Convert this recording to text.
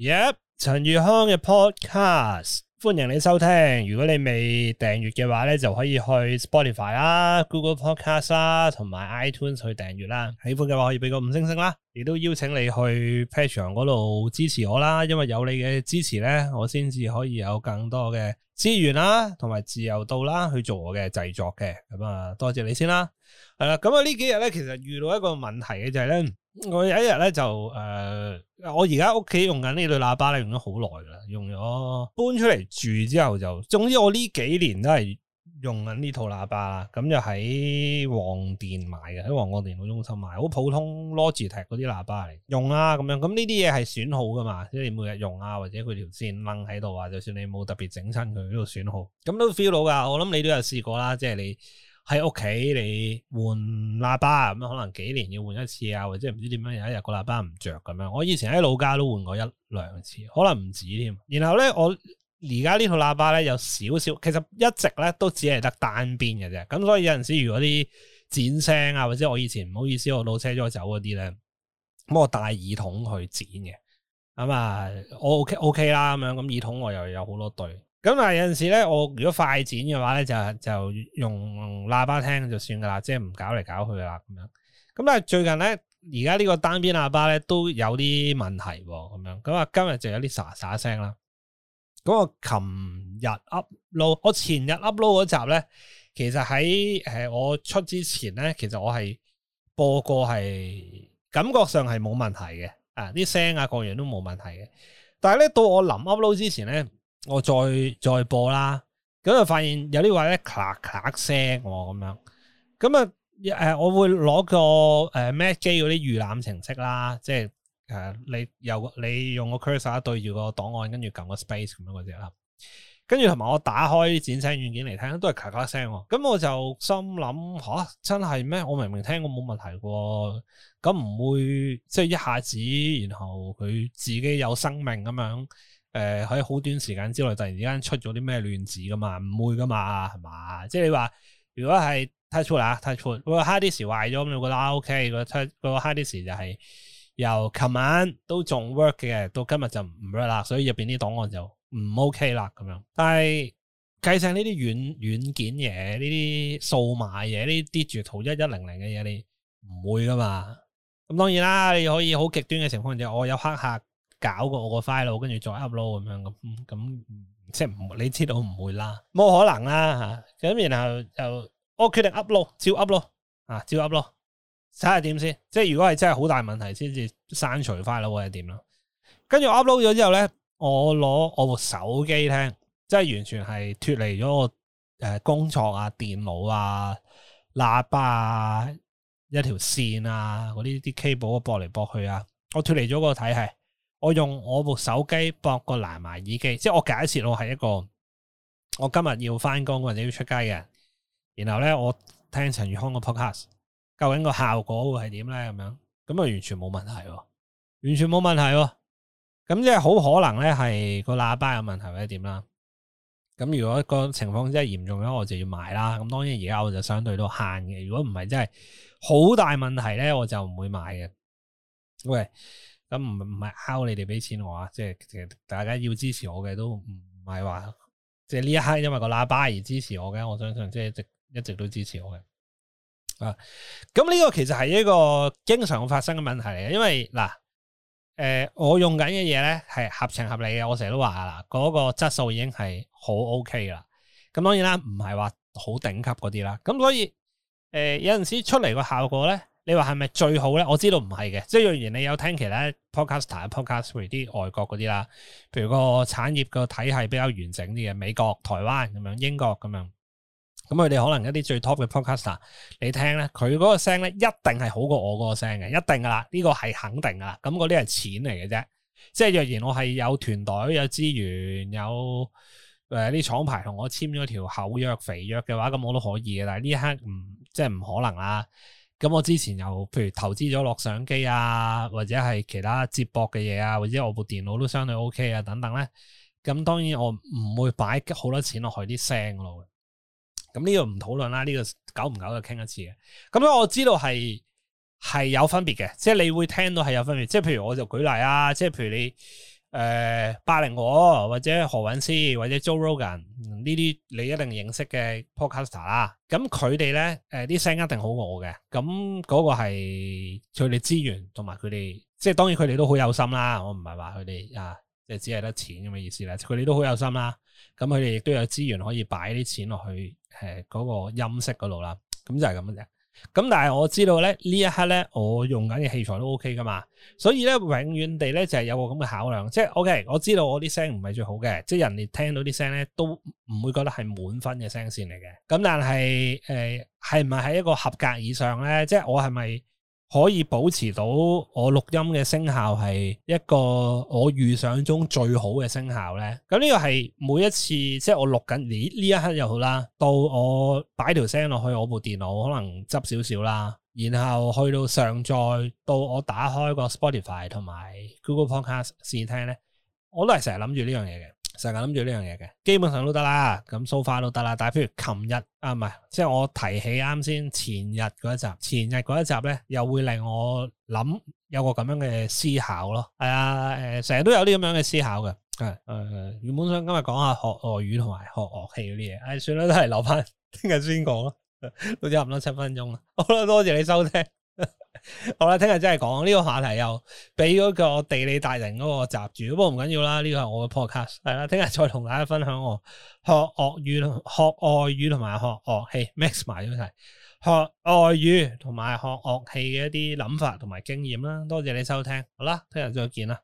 Yep，陳宇康嘅 podcast，歡迎你收聽。如果你未訂閱嘅話咧，就可以去 Spotify 啦、Google Podcast 啦，同埋 iTunes 去訂閱啦。喜歡嘅話可以俾個五星星啦。亦都邀請你去 Patreon 嗰度支持我啦，因為有你嘅支持咧，我先至可以有更多嘅資源啦，同埋自由度啦，去做我嘅製作嘅。咁啊，多謝你先啦。係啦，咁啊呢幾日咧，其實遇到一個問題嘅就係、是、咧。我有一日咧就誒、呃，我而家屋企用緊呢對喇叭咧，用咗好耐啦，用咗搬出嚟住之後就，總之我呢幾年都係用緊呢套喇叭啦，咁就喺黃電買嘅，喺黃金電腦中心買，好普通 Logitech 嗰啲喇叭嚟用啦、啊、咁樣，咁呢啲嘢係損耗噶嘛，即你每日用啊，或者佢條線掹喺度啊，就算你冇特別整親佢都損耗，咁都 feel 到噶，我諗你都有試過啦，即係你。喺屋企你換喇叭咁，可能幾年要換一次啊，或者唔知點樣有一日個喇叭唔着咁樣。我以前喺老家都換過一兩次，可能唔止添。然後咧，我而家呢套喇叭咧有少少，其實一直咧都只係得單邊嘅啫。咁所以有陣時，如果啲剪聲啊，或者我以前唔好意思，我倒車咗走嗰啲咧，咁我帶耳筒去剪嘅。咁啊，我 OK OK 啦，咁樣咁耳筒我又有好多對。咁啊，有陣時咧，我如果快剪嘅話咧，就就用喇叭聽就算噶啦，即係唔搞嚟搞去啦咁樣。咁但係最近咧，而家呢個單邊喇叭咧都有啲問題，咁樣咁啊，今日就有啲沙沙聲啦。咁我琴日 upload，我前日 upload 嗰集咧，其實喺誒我出之前咧，其實我係播過係感覺上係冇問題嘅，啊啲聲啊各樣都冇問題嘅。但係咧到我臨 upload 之前咧。我再再播啦，咁就發現有啲位咧咔咔聲，我咁、哦、樣，咁啊誒，我會攞個誒、呃、Mac 機嗰啲預覽程式啦，即係誒、呃、你有、呃、你用個 cursor 對住個檔案，跟住撳個 space 咁樣嗰隻啦，跟住同埋我打開剪聲軟件嚟聽都係咔咔聲、哦，咁我就心諗吓、啊、真係咩？我明明聽過冇問題嘅、哦，咁唔會即係一下子然後佢自己有生命咁樣。誒，喺好、呃、短時間之內突然之間出咗啲咩亂子噶嘛？唔會噶嘛，係嘛？即係你話如果係太錯啦，太錯，太 hard 啊、okay，個 hard disk 壞咗，咁你覺得：「OK，個出個 hard disk 就係由琴晚都仲 work 嘅，到今日就唔 work 啦，所以入邊啲檔案就唔 OK 啦咁樣。但係計上呢啲軟軟件嘢，呢啲數碼嘢，呢啲住圖一一零零嘅嘢，你唔會噶嘛？咁當然啦，你可以好極端嘅情況就是、我有黑客。搞過我個 file，跟住再 upload 咁樣咁咁，即係唔你知道唔會啦，冇可能啦吓。咁、啊、然後就我決定 upload，照 upload 啊，照 upload，睇下點先。即係如果係真係好大問題刪，先至刪除 file，或者點咯。跟住 upload 咗之後咧，我攞我部手機聽，即係完全係脱離咗個誒工作啊、電腦啊、喇叭條啊、一條線啊嗰啲啲 cable 搏嚟搏去啊，我脱離咗個體系。我用我部手機駁個藍牙耳機，即係我假設，我係一個我今日要翻工或者要出街嘅，然後咧我聽陳宇康個 podcast，究竟個效果會係點咧？咁樣咁啊完全冇問題，完全冇問題。咁即係好可能咧係個喇叭有問題或者點啦。咁如果個情況真係嚴重咧，我就要買啦。咁當然而家我就相對都慳嘅。如果唔係真係好大問題咧，我就唔會買嘅。喂、okay。咁唔唔係敲你哋俾錢我啊，即係大家要支持我嘅都唔係話，即係呢一刻因為個喇叭而支持我嘅，我相信即係一直一直都支持我嘅。啊，咁呢個其實係一個經常發生嘅問題嚟，嘅，因為嗱，誒、呃、我用緊嘅嘢咧係合情合理嘅，我成日都話啦，嗰、嗰個質素已經係好 OK 啦。咁、啊、當然啦，唔係話好頂級嗰啲啦。咁所以誒、呃、有陣時出嚟個效果咧。你話係咪最好咧？我知道唔係嘅，即係若然你有聽其他 podcaster、啊、podcaster 啲外國嗰啲啦，譬如個產業個體系比較完整啲嘅，美國、台灣咁樣、英國咁樣，咁佢哋可能一啲最 top 嘅 podcaster，你聽咧，佢嗰個聲咧一定係好過我嗰個聲嘅，一定噶啦，呢個係肯定噶啦，咁嗰啲係錢嚟嘅啫。即係若然我係有團隊、有資源、有誒啲廠牌同我簽咗條口約、肥約嘅話，咁我都可以嘅，但係呢一刻唔即係唔可能啦。咁我之前又譬如投資咗落相機啊，或者係其他接駁嘅嘢啊，或者我部電腦都相對 OK 啊，等等咧。咁當然我唔會擺好多錢落去啲聲咯。咁呢個唔討論啦，呢個久唔久就傾一次嘅。咁所以我知道係係有分別嘅，即係你會聽到係有分別。即係譬如我就舉例啊，即係譬如你。誒，百靈果或者何韻詩或者 Joe Rogan 呢，嗯、啲你一定認識嘅 podcaster 啦，咁佢哋咧，誒啲聲一定好惡嘅，咁嗰個係佢哋資源同埋佢哋，即係當然佢哋都好有心啦。我唔係話佢哋啊，即係只係得錢咁嘅意思咧，佢哋都好有心啦。咁佢哋亦都有資源可以擺啲錢落去誒嗰，呃那個音色嗰度啦，咁就係咁嘅。咁但係我知道咧，呢一刻咧我用緊嘅器材都 OK 噶嘛，所以咧永遠地咧就係、是、有個咁嘅考量，即係 OK。OK, 我知道我啲聲唔係最好嘅，即係人哋聽到啲聲咧都唔會覺得係滿分嘅聲線嚟嘅。咁但係誒係唔係喺一個合格以上咧？即係我係咪？可以保持到我錄音嘅聲效係一個我預想中最好嘅聲效咧。咁呢個係每一次即係、就是、我錄緊呢呢一刻又好啦，到我擺條聲落去我部電腦可能執少少啦，然後去到上載，到我打開個 Spotify 同埋 Google Podcast 試聽，呢我都係成日諗住呢樣嘢嘅。成日諗住呢樣嘢嘅，基本上都得啦，咁 so far 都得啦。但係譬如琴日、啊、唔係、即係我提起啱先前日嗰一集，前日嗰一集咧，又會令我諗有個咁樣嘅思考咯。係、哎、啊，誒、呃，成日都有啲咁樣嘅思考嘅。誒是，誒、呃，原本想今日講下學俄語同埋學樂器嗰啲嘢，唉、哎，算啦，都係留翻聽日先講咯。 都差唔多七分鐘啦，好啦，多謝你收聽。好啦，聽日真係講呢個話題又俾嗰個地理大人嗰個閘住，不過唔緊要啦，呢個係我嘅 podcast，係啦，聽日再同大家分享我學粵語、學外語同埋學樂器 mix 埋一齊，學外語同埋學樂器嘅一啲諗法同埋經驗啦，多謝你收聽，好啦，聽日再見啦。